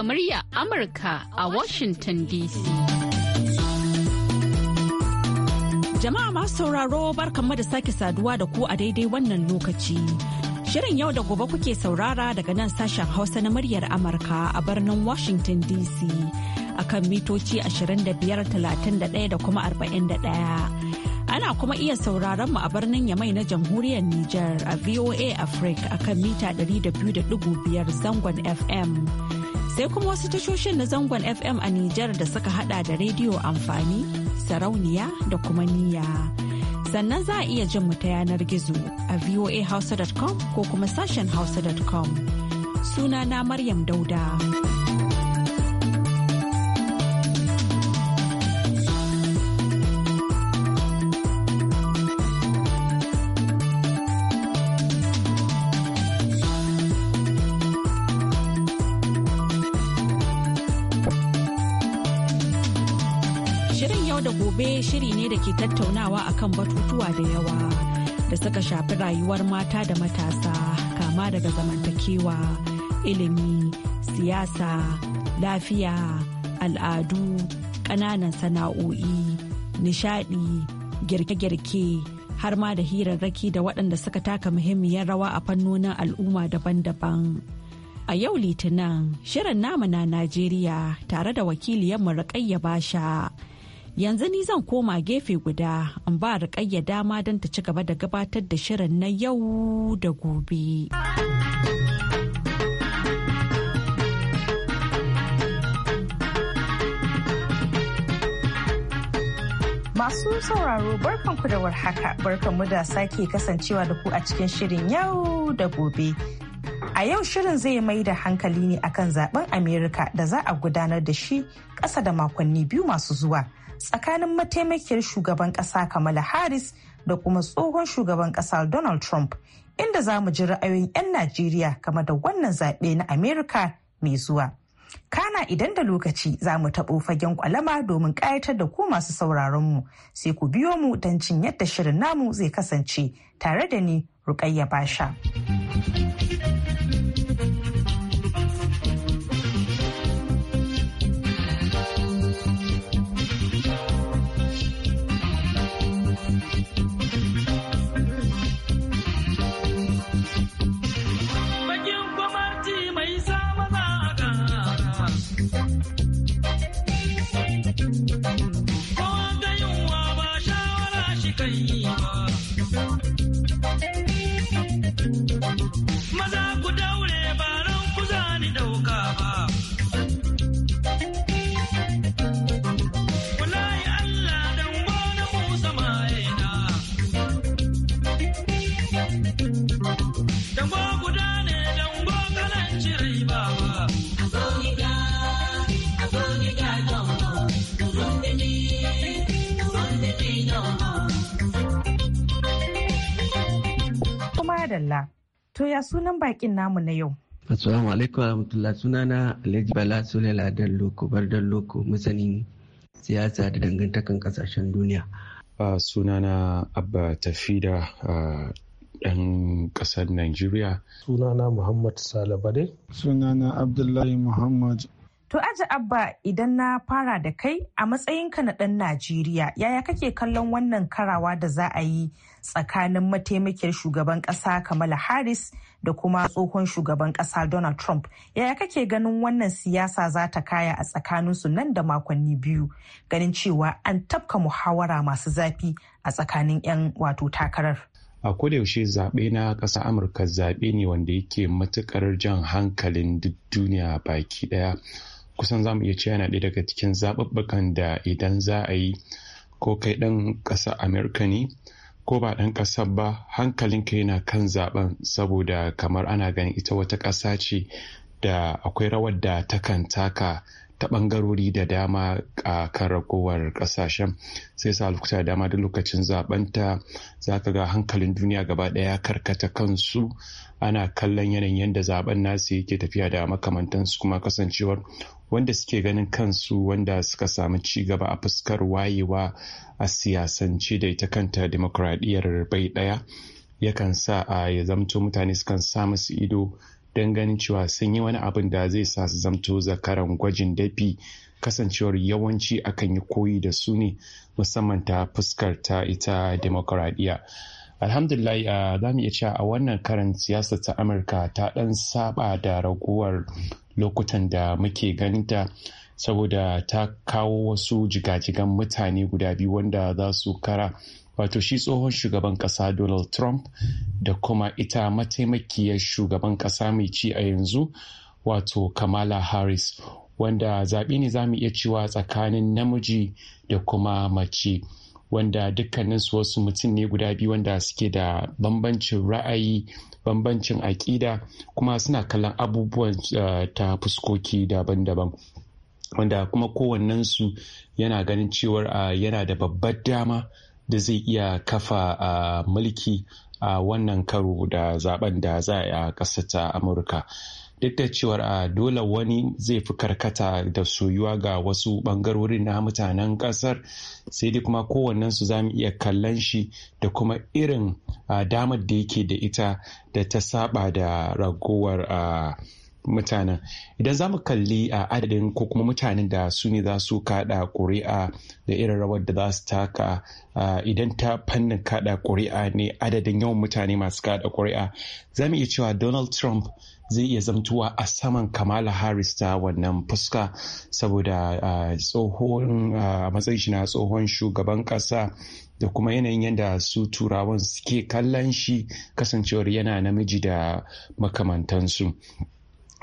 daga murya Amurka a Washington DC. Jama'a masu sauraro barkanmu da sake saduwa da ku a daidai wannan lokaci. Shirin yau da gobe kuke saurara daga nan sashen Hausa na muryar Amurka a birnin Washington DC akan mitoci 25,31 da kuma 41. Ana kuma iya sauraron mu a birnin Yamai na Jamhuriyar Nijar a VOA Africa akan mita 200.5 zangon FM. sai kuma wasu tashoshin na zangon FM a Nijar da suka hada da rediyo amfani, sarauniya da kuma niyya. Sannan za a iya jin mu ta yanar gizo a voahausa.com ko kuma sashen hausa.com. suna na Maryam Dauda. ake tattaunawa kan batutuwa da yawa da suka shafi rayuwar mata da matasa kama daga zamantakewa ilimi siyasa lafiya al'adu ƙananan sana'o'i nishadi girke-girke har ma da hirarraki da waɗanda suka taka muhimmiyar rawa a fannonin al'umma daban-daban. A yau Litinin, shirin namu na Najeriya tare da wakiliyar Murƙayya Basha yanzu ni zan koma gefe guda in ba rikayya dama don ta ci gaba da gabatar da shirin na yau da gobe. Masu sauraro barkanku da warhaka barkanmu da sake kasancewa da ku a cikin shirin yau da gobe. A yau shirin zai mai da hankali ne akan zaben Amerika da za a gudanar da shi ƙasa da makonni biyu masu zuwa. tsakanin mataimakiyar shugaban ƙasa Kamala Harris da kuma tsohon shugaban ƙasa Donald Trump inda za mu ji ra'ayoyin 'yan Najeriya game da wannan zaɓe na Amerika mai zuwa. Kana idan da lokaci za mu taɓo fagen kwalama domin ƙayatar da ku masu sauraronmu sai ku biyo mu don cin yadda shirin namu zai kasance tare da ni Rukayya Basha. sunan bakin namu na yau. Assalamu alaikum warahmatullahi sunana Alhaji Bala Sulela Dalloko Bardalloko masanin siyasa da dangantakan kasashen duniya. suna sunana Abba Tafida a ɗan ƙasar Najeriya. Sunana Muhammad Salabade. Sunana Abdullahi Muhammad To aji abba idan na fara da kai a matsayinka na ɗan Najeriya yaya kake kallon wannan karawa da za a yi tsakanin mataimakiyar shugaban ƙasa Kamala Harris da kuma tsohon shugaban ƙasa Donald Trump. Yaya kake ganin wannan siyasa za ta kaya a tsakaninsu nan da makonni biyu ganin cewa an tafka muhawara masu zafi a tsakanin 'yan wato takarar. a kodayaushe zaɓe na ƙasa amurka zaɓe ne wanda yake matuƙar jan hankalin duk duniya baki ɗaya kusan zamu iya cewa yana ɗaya daga cikin zaɓuɓɓukan da idan za a yi ko kai ɗan ƙasa amurka ne ko ba ɗan ƙasar ba hankalinka yana kan zaɓen saboda kamar ana ganin ita wata ƙasa ce da akwai rawar da takan taka ta bangarori da dama a kan ragowar kasashen sai sa lokuta da dama da lokacin zabanta za ka ga hankalin duniya gaba daya karkata kansu ana kallon yanayin yadda zaben nasu yake tafiya da makamantansu kuma kasancewar wanda suke ganin kansu wanda suka samu ci gaba a fuskar wayewa a siyasance da ita kanta demokradiyyar bai daya yakan sa a ya zamto mutane sukan samu su ido don ganin cewa sun yi wani abin da zai sa su zamto zakaran gwajin dafi kasancewar yawanci akan yi koyi da su ne musamman ta fuskar ta ita demokuraɗiyya alhamdulillah a za mu iya cewa a wannan karin siyasa ta amurka ta ɗan saba da raguwar lokutan da muke ganinta saboda ta kawo wasu jigajigan mutane guda biyu wanda za su kara wato shi tsohon shugaban kasa donald trump da kuma ita mataimakiyar shugaban kasa mai ci a yanzu wato kamala harris wanda zaɓe ne za mu iya cewa tsakanin namiji da kuma mace wanda dukkaninsu wasu mutum ne guda biyu wanda suke da bambancin ra'ayi bambancin aƙida kuma suna kallon abubuwan eh, ta fuskoki daban-daban wanda kuma kowannensu yana ganin cewar yana da babbar dama da zai iya kafa a mulki a wannan karo da zaben da za a ƙasar ta amurka duk da cewar a dole wani zai fi karkata da soyuwa ga wasu bangarori na mutanen ƙasar, sai dai kuma kowannensu za mu iya kallon shi da kuma irin damar da yake da ita da ta saba da ragowar mutanen idan za mu kalli a adadin ko kuma mutanen da su ne za su kada ƙuri'a da irin rawar da za su taka idan ta fannin kada ƙuri'a ne adadin yawan mutane masu kada ƙuri'a za mu iya cewa donald trump zai iya zamtuwa a saman kamala harris ta wannan fuska saboda tsohon matsayin shi na tsohon shugaban ƙasa da kuma yanayin yadda su turawan suke kallon shi kasancewar yana namiji da makamantansu.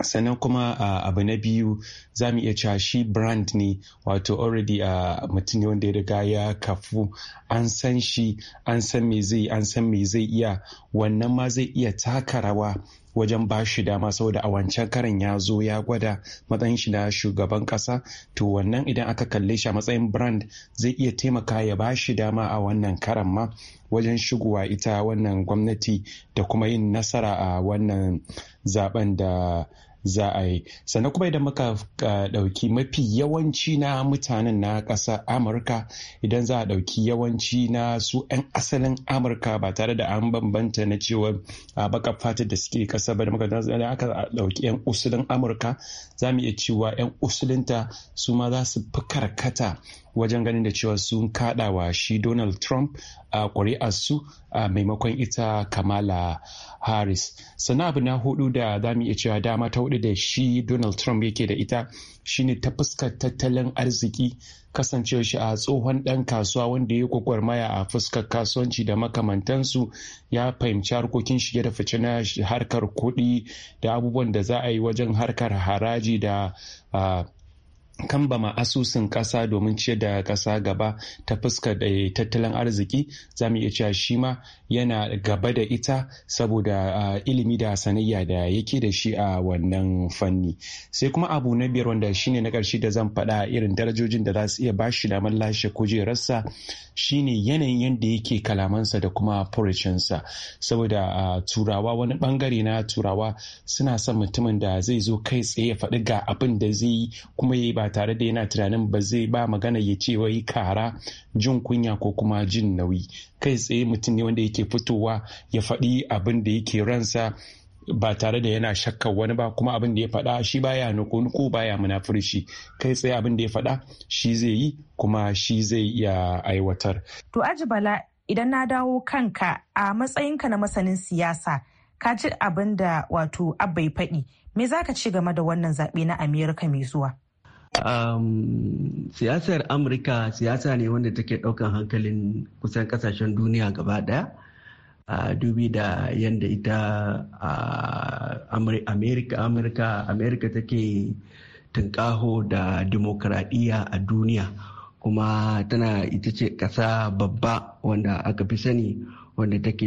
sannan kuma uh, abu na biyu za mu iya cewa shi brand ne wato already a uh, mutum ne wanda ya riga ya kafu an san shi an san me zai me zai iya wannan ma zai iya taka rawa wajen ba shi dama saboda a wancan karan ya zo ya gwada matsayin shi na shugaban kasa to wannan idan aka kalle shi a matsayin brand zai iya taimaka ya ba shi dama a wannan karan ma wajen shigowa ita wannan gwamnati da kuma yin nasara a wannan zaben da za a yi sannan kuma idan muka ɗauki mafi yawanci na mutanen na ƙasa amurka idan za a ɗauki yawanci na su 'yan asalin amurka ba tare da an bambanta na cewa a baka fata da suke ƙasa ba da muka aka ɗauki 'yan usulin amurka za mu iya cewa 'yan usulinta su ma za su fi karkata wajen ganin da cewa sun kada wa shi donald trump a ƙuri'arsu a maimakon ita kamala harris sannan abu na hudu da za mu iya cewa dama ta hudu da shi donald trump yake da ita shine ta fuskar tattalin arziki kasancewa shi a tsohon ɗan kasuwa wanda ya yi gwagwarmaya a fuskar kasuwanci da makamantansu ya fahimci harkokin shige da fice na harkar kuɗi da abubuwan da za a yi wajen harkar haraji da kambama asusun kasa domin ciyar da kasa gaba ta fuska da tattalin arziki za mu iya cewa shi ma yana gaba da ita saboda ilimi da sanayya da yake da shi a wannan fanni sai kuma abu na biyar wanda shine na karshe da zan faɗa irin darajojin da za su iya bashi damar lashe kujerarsa shine yanayin yadda yake kalamansa da kuma furucinsa saboda turawa wani bangare na turawa suna son mutumin da zai zo kai tsaye ya faɗi ga abin da zai yi kuma ya yi ba tare da yana tunanin ba zai ba magana ya ce wai kara jin kunya ko kuma jin nauyi kai tsaye mutum ne wanda yake fitowa ya faɗi abin da yake ransa ba tare da yana shakkar wani ba kuma abin da ya faɗa shi baya nuku-nuku baya munafurci kai tsaye abin da ya faɗa shi zai yi kuma shi zai iya aiwatar. To aji bala idan na dawo kanka a matsayinka na masanin siyasa ka ji abin da wato ya faɗi me za ka ci game da wannan zaɓe na Amerika mai zuwa? um, siyasar amurka siyasa ne wanda take ɗaukan hankalin kusan ƙasashen duniya gaba ɗaya uh, dubi da yadda ita uh, amerika amerika amerika take tunkaho da dimokraɗiyya a duniya kuma tana ita ce ƙasa babba wanda aka fi sani wanda take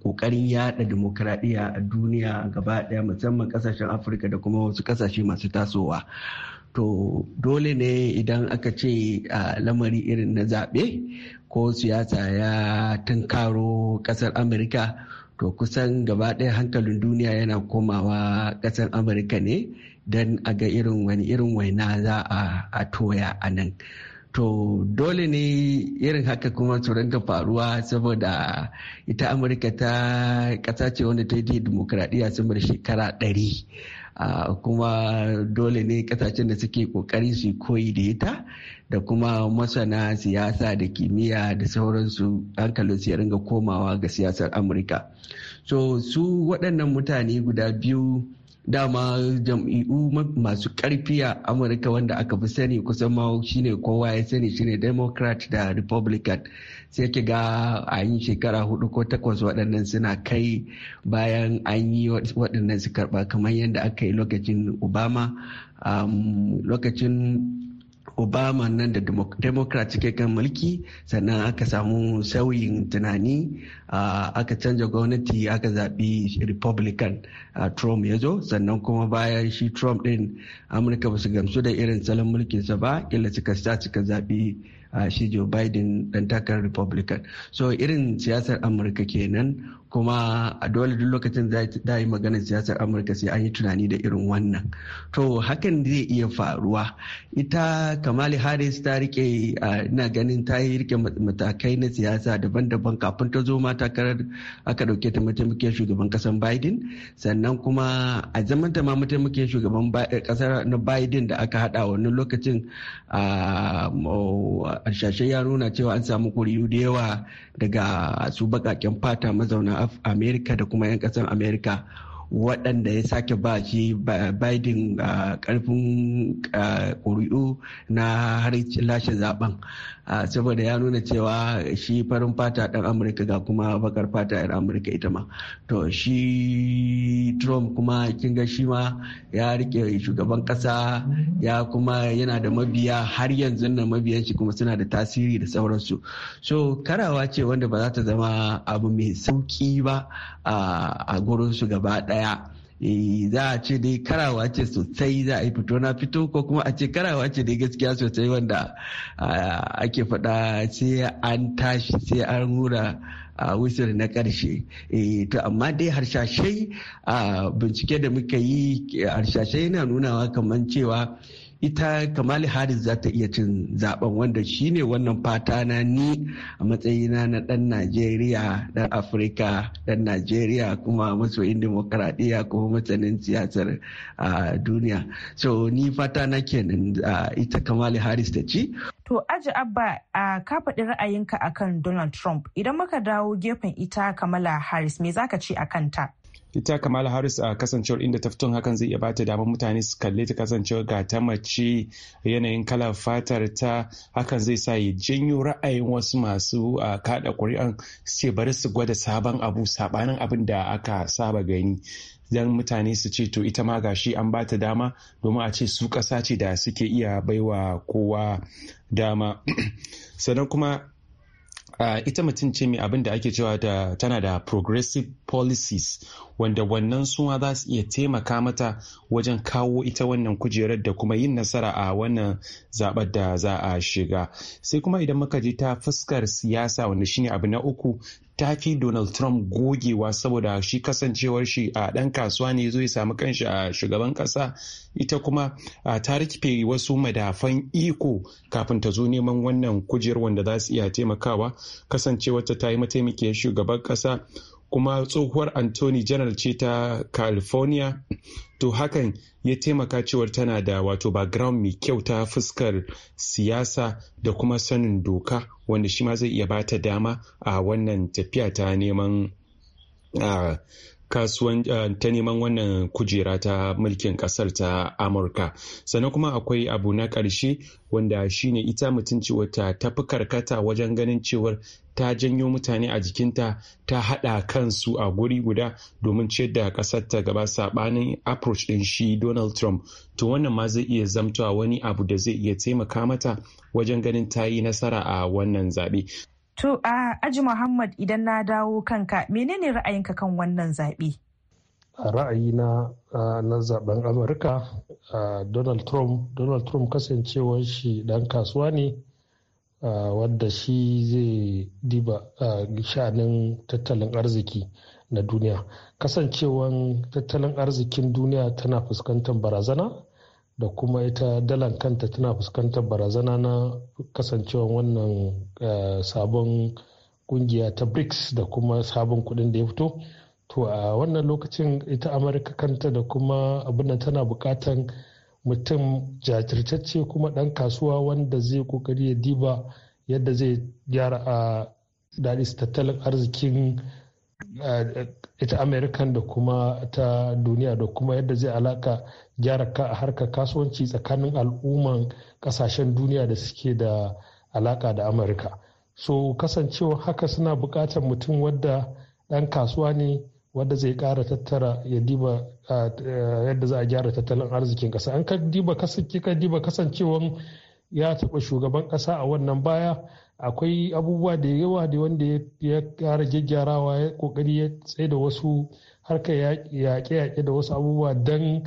kokarin eh, yada demokradiyya a duniya gaba daya musamman ƙasashen afirka da kuma wasu ƙasashe masu tasowa to dole ne idan aka ce a lamari irin na zaɓe ko siyasa ya tunkaro ƙasar amurka to kusan gaba ɗaya hankalin duniya yana komawa ƙasar amurka ne don a ga irin wani irin waina za a toya a nan to dole ne irin haka kuma su rinka faruwa saboda ita amurka ta ƙasa ce wanda ta yi dimokuraɗiyya sama da shekara ɗari kuma dole ne kasashen da suke kokari su koyi da ita da kuma masana siyasa da kimiyya da sauransu hankalin su ya ringa komawa ga siyasar amurka so su waɗannan mutane guda biyu dama jam'iyyu masu karfi a amurka wanda aka fi sani kusan ma shine kowa ya sani shine democrat da republican sai ki ga a yi shekara hudu ko takwas waɗannan suna kai bayan an yi waɗannan su karɓa kamar yadda aka yi lokacin obama lokacin obama nan da democrat ke kan mulki sannan aka samu sauyin tunani aka canza gwamnati aka zaɓi republican trump ya zo sannan kuma bayan shi trump ɗin amurka ba su gamsu da irin salon mulkinsa ba kila suka sa suka zaɓi shi joe biden ɗan takarar republican so irin siyasar amurka kenan kuma a dole duk lokacin da yi maganar siyasar amurka sai an yi tunani da irin wannan to hakan zai iya faruwa ita kamali harris ta rike na ganin ta yi rike matakai na siyasa daban-daban kafin ta zo matakarar aka dauke ta mataimakin shugaban kasar biden sannan kuma a zaman ta ma mataimakin shugaban kasar eh, na biden da aka hada wani lokacin a shashen ya nuna cewa an samu kuri'u da yawa daga su bakaken fata mazauna of america da kuma 'yan ƙasar Amerika. waɗanda ya sake ba shi biden karfin ƙuri'u na har lashe zaben saboda ya nuna cewa shi farin fata ɗan amurka ga kuma bakar fata ɗan amurka ita ma to shi trump kuma kin ga shi ma ya rike shugaban ƙasa ya kuma yana da mabiya har yanzu na mabiyan shi kuma suna da tasiri da sauransu so karawa ce wanda ba za ta zama abu mai sauƙi ba a gurin su gaba ɗaya baya eh, za a ce dai karawa ce sosai za a yi fito na fito ko kuma a ce karawa ce dai gaskiya sosai wanda ake faɗa sai an tashi sai an hura a wusir na ƙarshe eh, to amma dai harshashai bincike da muka yi harshashai na nunawa kamar cewa ita kamali haris za ta iya cin zaben wanda shine wannan fata na ni a matsayina na dan najeriya dan afirka dan najeriya kuma masoyin demokaradiyya kuma masanin siyasar a duniya so ni fata na kenan ita kamali haris ta ci To aji abba a ka faɗi ra'ayinka akan Donald Trump idan muka dawo gefen ita Kamala haris me zaka ci a kanta. ita kamala harris a kasancewar inda ta fito hakan zai iya bata damar mutane su kalle ta kasancewar ga ta mace yanayin kalar fatar ta hakan zai sa ya janyo ra'ayin wasu masu kada ƙuri'an sai bari su gwada sabon abu sabanin abin da aka saba gani don mutane su ce to ita ma gashi an bata dama domin a ce su ƙasa ce da suke iya baiwa kowa dama sannan kuma Uh, ita mutum ce mai abin da ake cewa da tana da progressive policies wanda wannan suna za su iya taimaka mata wajen kawo ita wannan kujerar da kuma yin nasara a wannan zaɓar da za a shiga sai kuma idan muka je ta fuskar siyasa wanda shine abu na uku ta fi Donald Trump gogewa saboda shi kasancewar shi a ɗan kasuwa ne zai samu kanshi a shugaban ƙasa ita kuma ta rikife wasu madafan iko kafin ta zo neman wannan kujerar wanda za su iya taimakawa kasancewar ta yi mataimakiyar shugaban ƙasa kuma tsohuwar anthony general ce ta california to hakan ya taimaka cewar tana da wato background mai kyau ta fuskar siyasa da kuma sanin doka wanda shi ma zai iya bata dama a wannan tafiya ta neman kasuwan eh, ta neman wannan kujera ta mulkin kasar ta amurka sannan kuma akwai abu na ƙarshe wanda shine ita mutum cewa ta fi karkata wajen ganin cewar ta janyo mutane a jikinta ta haɗa kansu a guri guda domin ciyar da ƙasar ta gaba saɓanin approach ɗin shi donald trump to wannan ma zai iya zamtowa wani abu da zai iya taimaka mata wajen ganin ta yi nasara a wannan zaɓe To a Aji Muhammad idan na dawo kanka menene ra'ayinka kan wannan zaɓe? Ra'ayina na zaben Amurka Donald Trump Donald Trump kasancewar shi ɗan kasuwa ne wadda shi zai diba sha'anin tattalin arziki na duniya. Kasancewan tattalin arzikin duniya tana fuskantar barazana da kuma ita dalan kanta tana fuskantar barazana na kasancewa wannan eh, sabon kungiya ta brics da kuma sabon kudin da ya fito to a wannan lokacin ita amurka kanta da kuma abin tana bukatan mutum jajirtacce kuma ɗan kasuwa wanda zai kokari ya diba yadda zai gyara a daɗi tattalin arzikin eh, ita amerikan da kuma ta duniya da kuma yadda zai alaka gyara harkar kasuwanci tsakanin al'umman kasashen duniya da suke da alaka da amurka so kasancewa haka suna buƙatar mutum wadda ɗan kasuwa ne wadda zai ƙara tattara ya diba yadda za a gyara tattalin arzikin ƙasa an ka diba diba kasancewan ya taɓa shugaban ƙasa a wannan baya akwai abubuwa da yawa da wanda ya ƙara gyaggyarawa ya ƙoƙari ya tsaye da wasu harkar yaƙe-yaƙe da wasu abubuwa don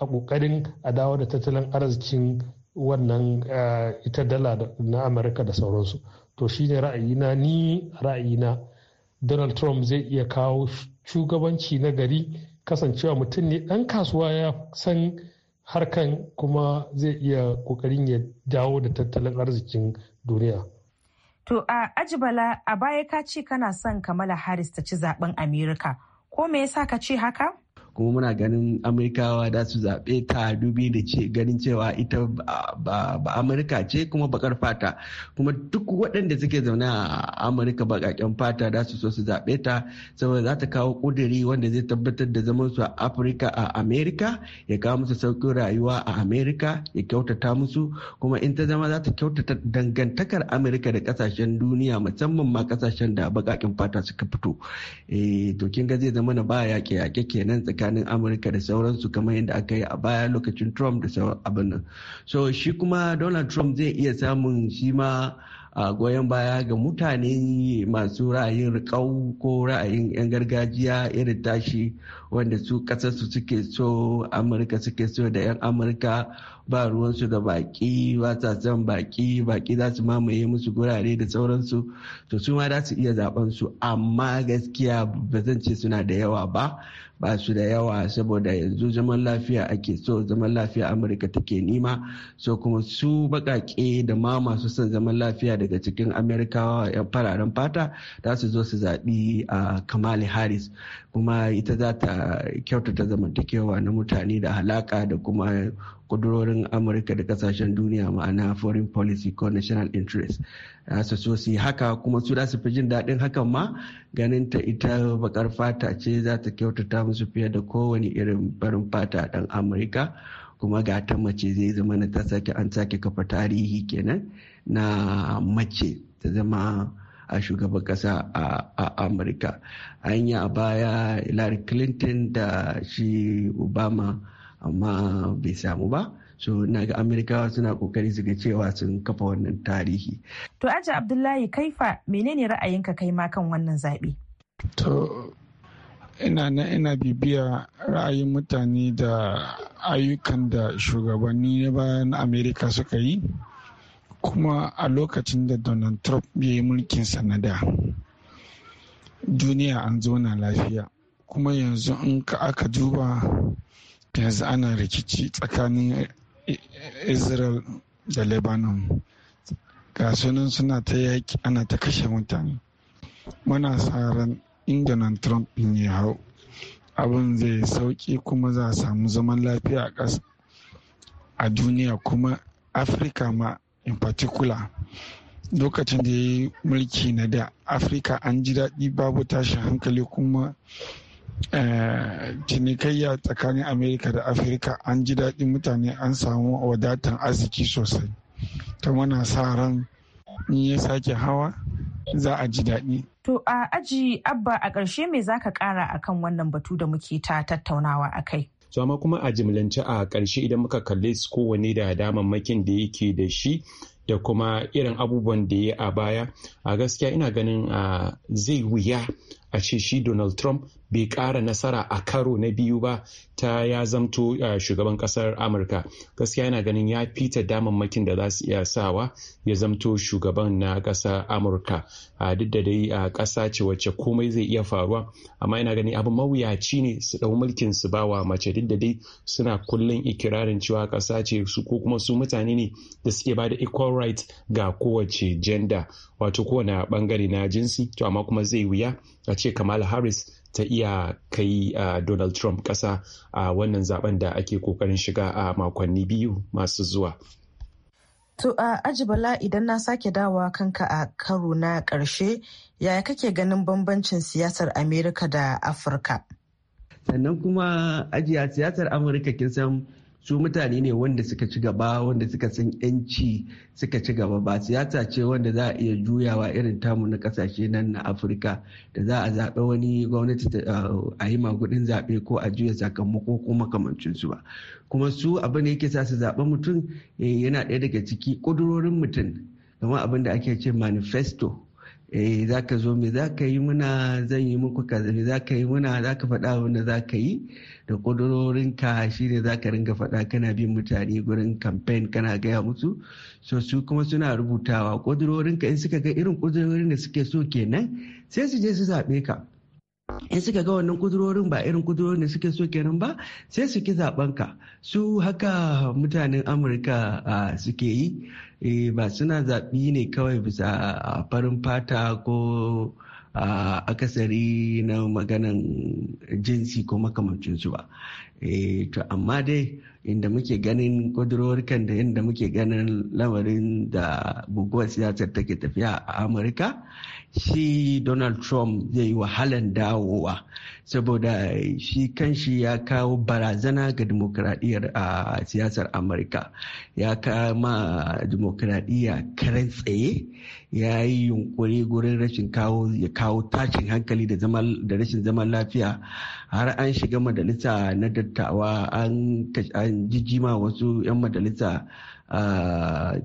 a ƙoƙarin a dawo da tattalin arzikin wannan eh, ita dala na amurka da sauransu to shine ra'ayina ni ra'ayina donald trump zai iya kawo shugabanci na gari kasancewa mutum ne ɗan kasuwa ya san harkan kuma zai iya ƙoƙarin ya dawo da tattalin arzikin duniya. To a ajibala a baya ka ce kana son Kamala Harris ta ci zaben Amerika. Ko me yasa ka ce haka? kuma muna ganin amurkawa da su zaɓe ta dubi da ce ganin cewa ita ba amurka ce kuma bakar fata kuma duk waɗanda suke zaune a amurka baƙaƙen fata da su so su zaɓe ta saboda za ta kawo ƙuduri wanda zai tabbatar da zaman su a afirka a amerika ya kawo musu saukin rayuwa a amerika ya kyautata musu kuma in ta zama za ta kyautata dangantakar amurka da ƙasashen duniya musamman ma ƙasashen da baƙaƙen fata suka fito eh to kin ga zai zama na ba yaƙe-yaƙe kenan tsakanin mutanen amurka da sauransu kamar yadda aka yi a baya lokacin trump da sauran abin nan so shi kuma donald trump zai iya samun shi ma a goyon baya ga mutane masu ra'ayin rikau ko ra'ayin 'yan gargajiya irin tashi wanda su kasarsu suke so amurka suke so da 'yan amurka ba ruwansu da baki ba sa son baki baki za su mamaye musu gurare da sauransu to su ma za su iya zaben su amma gaskiya ba zan ce suna da yawa ba ba su da yawa saboda yanzu zaman lafiya ake so zaman lafiya amurka take nima so kuma su bakake da ma masu son zaman lafiya daga cikin amerikawa yan fararen fata za su zo su zaɓi a ah, kamali harris kuma ita za ta kyautata zamantakewa na mutane da halaka da kuma kudurorin amurka da kasashen duniya ma'ana foreign policy ko national interest ah, su so su haka kuma su da su fi jin daɗin hakan ma ganin ta ita bakar fata ce za ta kyautata musu fiye da kowane irin barin fata ɗan amurka kuma ga ta mace zai zama na ta sake an sake kafa tarihi kenan na mace ta zama a shugaban kasa a amurka an a baya hillary clinton da shi obama amma bai samu ba so na ga amerikawa suna kokari su ga cewa sun kafa wannan tarihi to aji abdullahi kaifa menene ra'ayinka kai ma kan wannan zaɓe to ina na ina bibiya ra'ayin mutane da ayyukan da shugabanni na bayan amerika suka yi kuma a lokacin da donald trump ya yi mulkin sanada. duniya an zauna lafiya kuma yanzu in ka aka duba yanzu ana rikici tsakanin israel da lebanon ga sunan suna ta yaƙi ana ta kashe mutane muna sa ran in donald trump ya hau abin zai sauki kuma za a samu zaman lafiya a ƙasa a duniya kuma afirka ma in particular lokacin da ya yi mulki na da afirka an ji daɗi babu tashin hankali kuma eh, cinikayya tsakanin amerika da afirka an ji daɗi mutane an samu wadatan arziki sosai ta mana sa ran in ya sake hawa za a ji daɗi to a aji abba a ƙarshe me ka ƙara akan wannan batu da muke ta tattaunawa a kai so amma kuma a jimlance a ƙarshe idan muka kalli su kowanne da damammakin da yake da shi da kuma irin abubuwan da ya a baya a gaskiya ina ganin ah, zai wuya a ce shi Donald Trump bai ƙara nasara a karo na biyu ba ta ya zamto uh, shugaban ƙasar Amurka. Gaskiya yana ganin ya fita damammakin da za su iya sawa ya zamto shugaban na ƙasar Amurka. Uh, Duk da dai a ƙasa ce wacce komai zai iya faruwa, amma yana ganin abin mawuyaci ne su ɗau mulkin su bawa mace duk da dai suna kullun ikirarin cewa ƙasa ce su ko kuma su mutane ne da suke ba da equal right ga kowace gender wato kowane bangare na jinsi to amma kuma zai wuya a ce kamala harris ta iya kai uh, donald trump ƙasa a wannan zaben da ake kokarin shiga a makonni biyu masu zuwa To a ajibala idan na sake dawa kanka a karo na karshe yaya kake ganin bambancin siyasar Amerika da Afirka? Sannan kuma ajiya siyasar Amurka kin san su mutane ne wanda suka ci gaba wanda suka san yanci suka ci gaba ba siyasa ce wanda za a iya juyawa irin tamu na kasashe nan na afirka da za a zaɓe wani gwamnati a yi magudin zaɓe ko a juya sakamako ko makamancinsu ba kuma su abin da yake sa su zaɓe mutum eh, yana ɗaya daga ciki ƙudurorin mutum kamar abin da ake ce manifesto eh za ka zo me za ka yi muna zan yi muku kaza me za ka yi muna za ka faɗa wanda za ka yi da ƙudurorinka shi ne za ka ringa faɗa kana bin mutane gurin kamfen kana gaya musu so su kuma suna rubutawa ƙudurorinka in suka ga irin ƙudurorin da suke so kenan sai su je su zaɓe ka in suka ga wannan kudurorin ba irin kudurorin da suke so kenan ba sai su ki zaben ka su haka mutanen amurka suke yi eh, ba suna zaɓi ne kawai bisa farin fata ko akasari na maganan jinsi ko makamancinsu ba eh, to amma dai inda muke ganin kan da inda muke ganin lamarin da guguwar siyasar take tafiya a amurka shi donald trump zai yi wahalan dawowa saboda shi kanshi ya kawo barazana ga dimokuraɗiyyar a siyasar amurka ya kama demokradiyya karen tsaye ya yi yunkuri gurin rashin ya kawo tashin hankali da rashin zaman lafiya har an shiga majalisa na dattawa an jijima wasu 'yan majalisa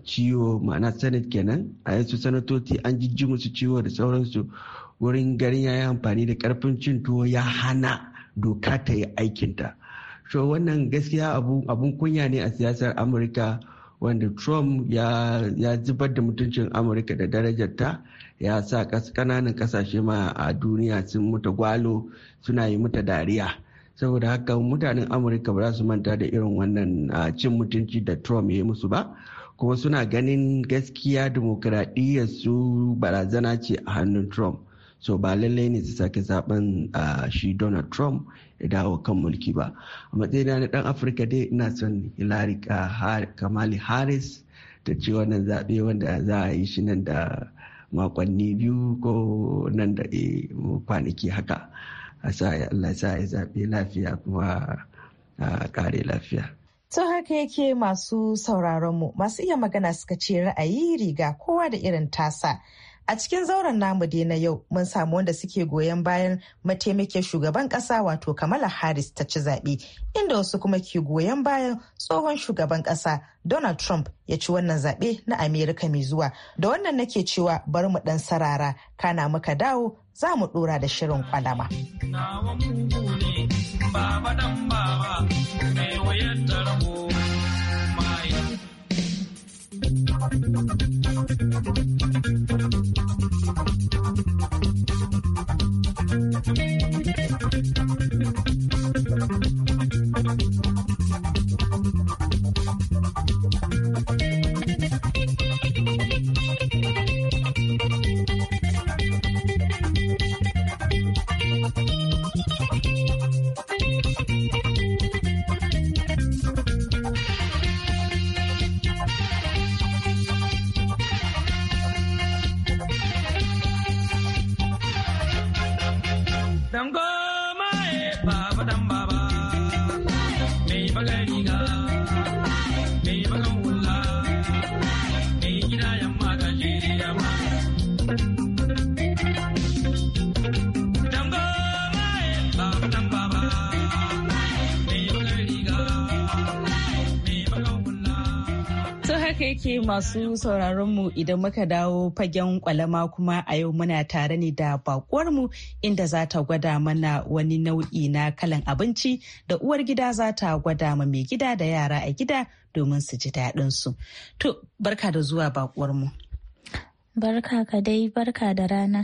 ciwo ma'ana senate kenan a yasu sanatoci an jijji musu ciwo da sauransu wurin garin ya yi amfani da karfin cin tuwo ya hana doka ta yi aikinta so wannan gaskiya abun kunya ne a siyasar amurka wanda trump ya zubar da mutuncin amurka da darajarta ya sa kananan kasashe ma a duniya sun mutu gwalo suna yi mata dariya saboda haka mutanen amurka ba za su manta da irin wannan cin mutunci da trump ya yi musu ba kuma suna ganin gaskiya dimokuraɗiyyar su barazana ce a hannun trump so ba lallai ne su sake zaben shi donald trump ya dawo kan mulki ba a matsayina na dan afirka dai ina son hillary kamali harris ta ce wannan zaɓe wanda za a yi shi nan da makonni biyu ko nan da e, kwanaki haka a allah sa ya zaɓe lafiya kuma a kare lafiya to haka yake masu sauraronmu masu iya magana suka ce ra'ayi riga kowa da irin tasa A cikin zauren namu dai na yau mun samu wanda suke goyon bayan mataimakin shugaban kasa wato Kamala Harris ta ci zaɓe inda wasu kuma ke goyon bayan tsohon shugaban kasa Donald Trump ya ci wannan zaɓe na Amerika mai zuwa. Da wannan nake cewa bari mu ɗan sarara kana muka dawo za mu ɗora da shirin kwalama. Thank you. haka yake masu sauraronmu idan muka dawo fagen kwalama kuma a yau muna tare ne da mu inda za ta gwada mana wani nau'i na kalan abinci da uwar gida za ta gwada ma mai gida da yara a gida domin su ji daɗinsu. To, barka da zuwa bakuwarmu. Barka ka dai, barka da rana.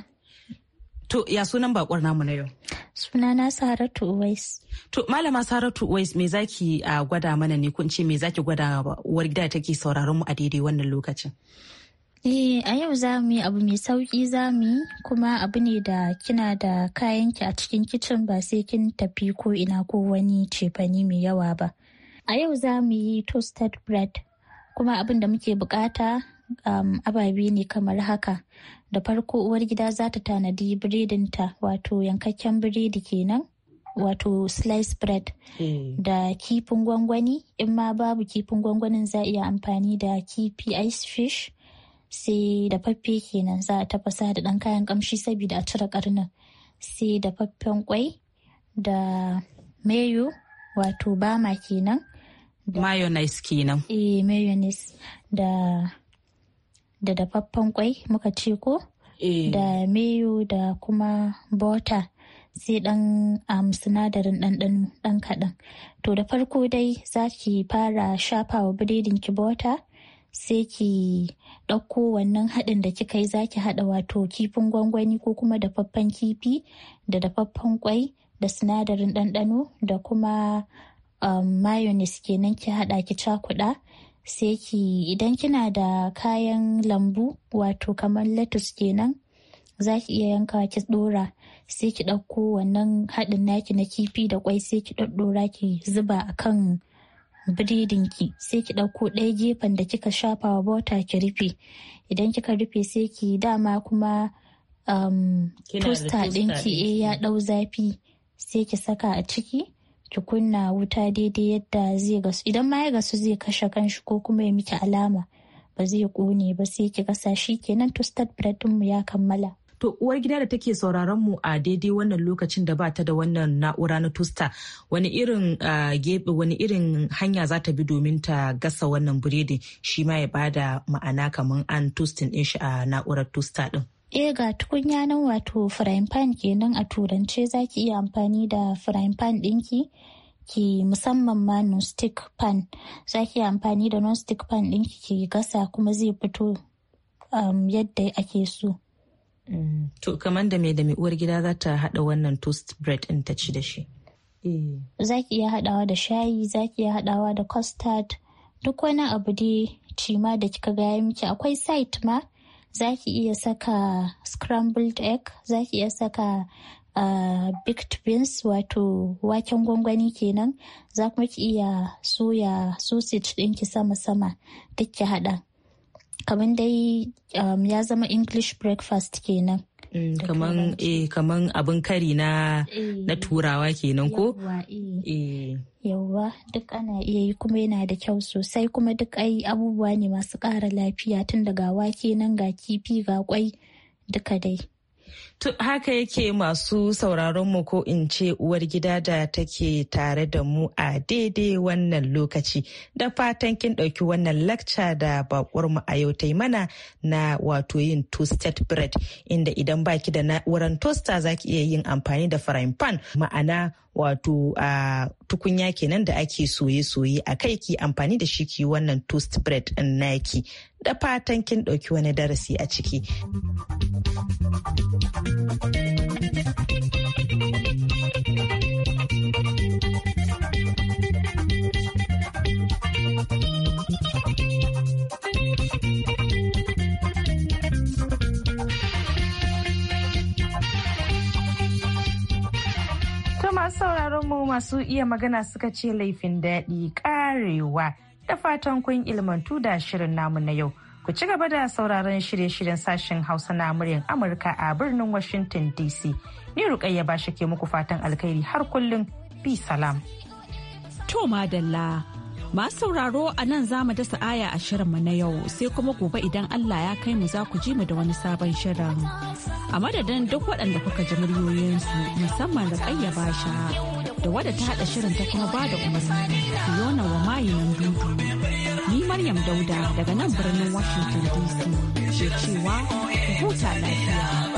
To ya sunan bakwar namu na yau? Sunana Saratu Uwais. To malama Saratu Uwais me zaki a ah, gwada mana ne kun ce me zaki gwada uwar gida take sauraron mu a daidai wannan lokacin? Eh a yau za mu yi abu mai sauki za mu yi kuma abu ne da kina da kayanki a cikin kicin ba sai kin tafi ko ina ko wani cefani mai yawa ba. A yau za mu yi toasted bread kuma abin da muke bukata um, ababe ne kamar haka da farko uwar gida za ta tanadi biredinta wato yankakken biredi kenan wato slice bread eh. da kifin gwangwani in ma babu kifin gwangwanin za iya amfani da kifi ice fish sai da faffe kenan za a tafasa da ɗan kayan kamshi saboda a cire karnin sai da faffen kwai da mayo wato bama kenan mayonnaise kenan eh mayonnaise da da dafaffen kwai muka ce ko eh. da meyo da kuma bota sai dan um, sinadarin ɗanɗano ɗan kaɗan to da farko dai za ki fara shafawa biredin ki bota sai ki ɗauko wannan haɗin da kika yi zaki haɗa wato kifin gwangwani ko kuma dafaffen kifi da dafaffen kwai da sinadarin ɗanɗano da kuma um, mayonnaise kenan ki haɗa ki cakuɗa sai ki idan kina da kayan lambu wato kamar latus kenan za ki iya yanka ki dora sai ki ɗauko wannan haɗin naki na kifi da kwai sai ki ɗaɗɗora ki zuba a kan biredin ki sai ki ɗauko ɗaya gefen da kika shafa wa bota ki rufe idan kika rufe sai ki dama kuma um, tosta ɗinki eh, ya ɗau zafi sai ki saka a ciki ki kunna wuta daidai yadda zai gasu idan ma ya gasu zai kashe kanshi ko kuma ya miki alama ba zai kone ba sai ki gasa shi kenan toasted bread mu ya kammala To uwar gida da take sauraron mu a daidai wannan lokacin da bata da wannan na'ura na tosta wani irin ah, gebe wani irin hanya za ta bi domin ta gasa wannan biredin shi ma ya bada ma'ana kamar an tustin din shi a na'urar tosta din. e ga tukunya nan wato frying pan kenan a turance zaki ki iya amfani da frying pan ɗinki ki musamman ma non-stick pan za iya amfani da non-stick pan ɗinki ki gasa kuma zai fito um, yadda ake so mm, to kamar da mai da mai uwar gida za ta haɗa wannan toast bread ɗin ta ci da shi eh. Zaki iya haɗawa da shayi zaki ki iya haɗawa da custard duk wani abu dai cima da kika gaya miki akwai site ma za ki iya saka scrambled egg za ki iya saka uh, baked beans wato waken gwangwani kenan za kuma ki iya soya sausage ɗinki sama-sama duk ki haɗa abin dai um, ya zama english breakfast kenan kamar mm, kaman eh kaman abin kari na eh. na turawa kenan ko yawwa eh. eh. duk ana iya yi kuma yana da kyau sosai kuma duk ai abubuwa ne masu ƙara lafiya tun daga wake nan ga kifi ga kwai duka dai haka yake masu sauraron mu ko in ce uwar gida da take tare da mu a daidai wannan lokaci da fatan kin ɗauki wannan lacca da mu a yau ta mana na wato yin toasted bread inda idan baki da na'urar toaster za ki iya yin amfani da frying pan ma'ana wato a tukunya kenan da ake soye-soye a kai ki amfani da shi ki wannan toast bread in naki da fatan kin ɗauki wani darasi a ciki. Masu mu masu iya magana suka ce laifin daɗi ƙarewa da fatan kun ilmantu da shirin namu na yau. Ku ci gaba da sauraron shirye-shiryen sashen Hausa na muryar Amurka a birnin Washington DC. Ni Rukayya ba shi ke muku fatan alkhairi har kullum. Bi salam. Masu sauraro a nan za mu dasa aya a shirinmu na yau sai kuma gobe idan Allah ya kai mu za ku ji mu da wani sabon shirin. A madadin duk waɗanda kuka ji muryoyinsu musamman da ƙayya basha da wadda ta haɗa shirin ta kuma ba da umarni Fiona wa mayi nan dudu. Ni Maryam Dauda daga nan birnin Washington DC ke cewa huta lafiya.